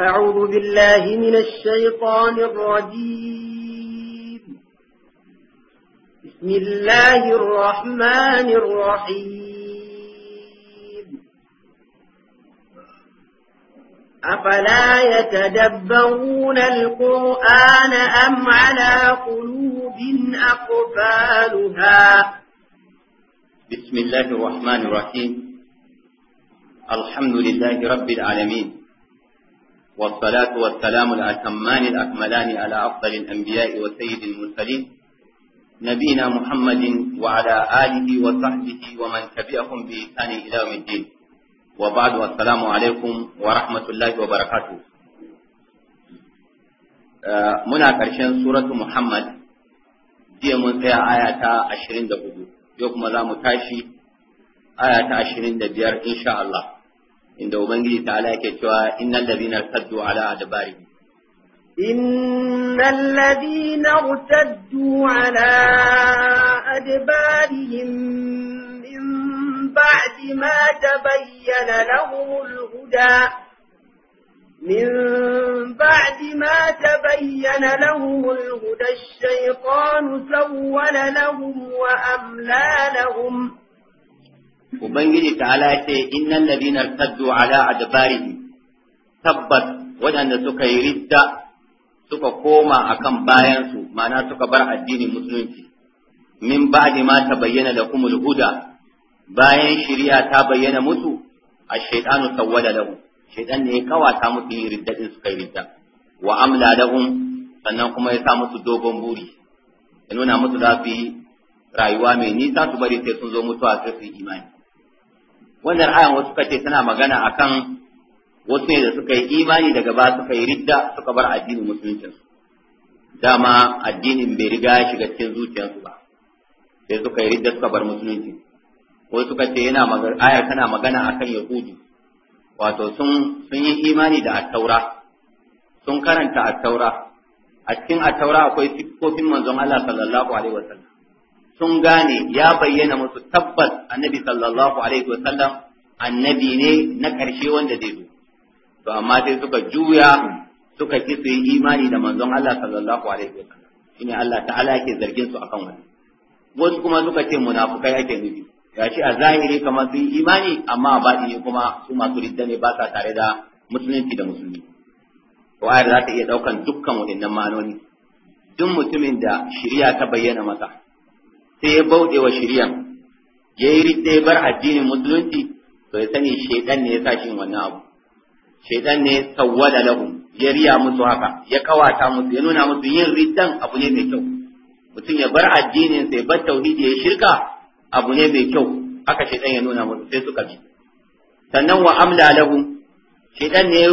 أعوذ بالله من الشيطان الرجيم بسم الله الرحمن الرحيم أفلا يتدبرون القرآن أم على قلوب أقفالها بسم الله الرحمن الرحيم الحمد لله رب العالمين والصلاة والسلام الأتمان الأكملان على أفضل الأنبياء وسيد المرسلين نبينا محمد وعلى آله وصحبه ومن تبعهم بإحسان إلى يوم الدين وبعد السلام عليكم ورحمة الله وبركاته muna ƙarshen suratu Muhammad jiya mun tsaya aya ta 24 yau kuma za mu tashi aya ta 25 insha Allah inda ubangiji ta ala yake cewa innal ladina saddu ala adbarihim إن الذين ارتدوا على أدبارهم من بعد ما تبين لهم huda من بعد ما تبين لهم الهدى الشيطان سول لهم وأملى لهم ubangiji ta'ala ya ce innal ladina saddu ala adbarihi tabbas waɗanda suka yi ridda suka koma akan bayansu mana suka bar addini musulunci min ba'di ma da kuma huda bayan shari'a ta bayyana musu ash-shaytanu sawwala lahu shaytan ne ya kawata musu yin ridda din suka yi ridda wa amla lahum sannan kuma ya sa musu dogon buri ya nuna musu za su yi rayuwa mai nisa su bari sai sun zo mutuwa sai su yi imani wannan ayan wasu kace tana magana akan wasu ne da suka yi imani daga ba suka yi ridda suka bar addinin musuluncin dama addinin bai riga ya shiga cikin zuciyarsu ba sai suka yi ridda suka bar musulunci ko suka ce yana magana aya tana magana akan yahudi wato sun sun yi imani da attaura sun karanta attaura a cikin attaura akwai sifofin manzon Allah sallallahu alaihi wasallam sun gane ya bayyana musu tabbas annabi sallallahu alaihi wasallam annabi ne na karshe wanda zai zo to amma sai suka juya suka ki su yi imani da manzon Allah sallallahu alaihi wasallam shine Allah ta'ala yake zargin su akan wannan wasu kuma suka ce munafukai ake nufi gashi a zahiri kamar su yi imani amma a ne kuma su masu ridda ne ba sa tare da musulunci da musulmi wayar za ta iya ɗaukan dukkan wadannan ma'anoni duk mutumin da shirya ta bayyana masa sai ya bauɗe wa shirya ya yi riɗe ya bar addinin musulunci to ya sani shaidan ne ya sa shi wannan abu shaidan ne ya sawwala lahum ya riya musu haka ya kawata musu ya nuna musu yin riddan abu ne mai kyau mutum ya bar addinin sai bar tauhidi ya shirka abu ne mai kyau haka shaidan ya nuna musu sai suka bi sannan wa amla lahum shaidan ne ya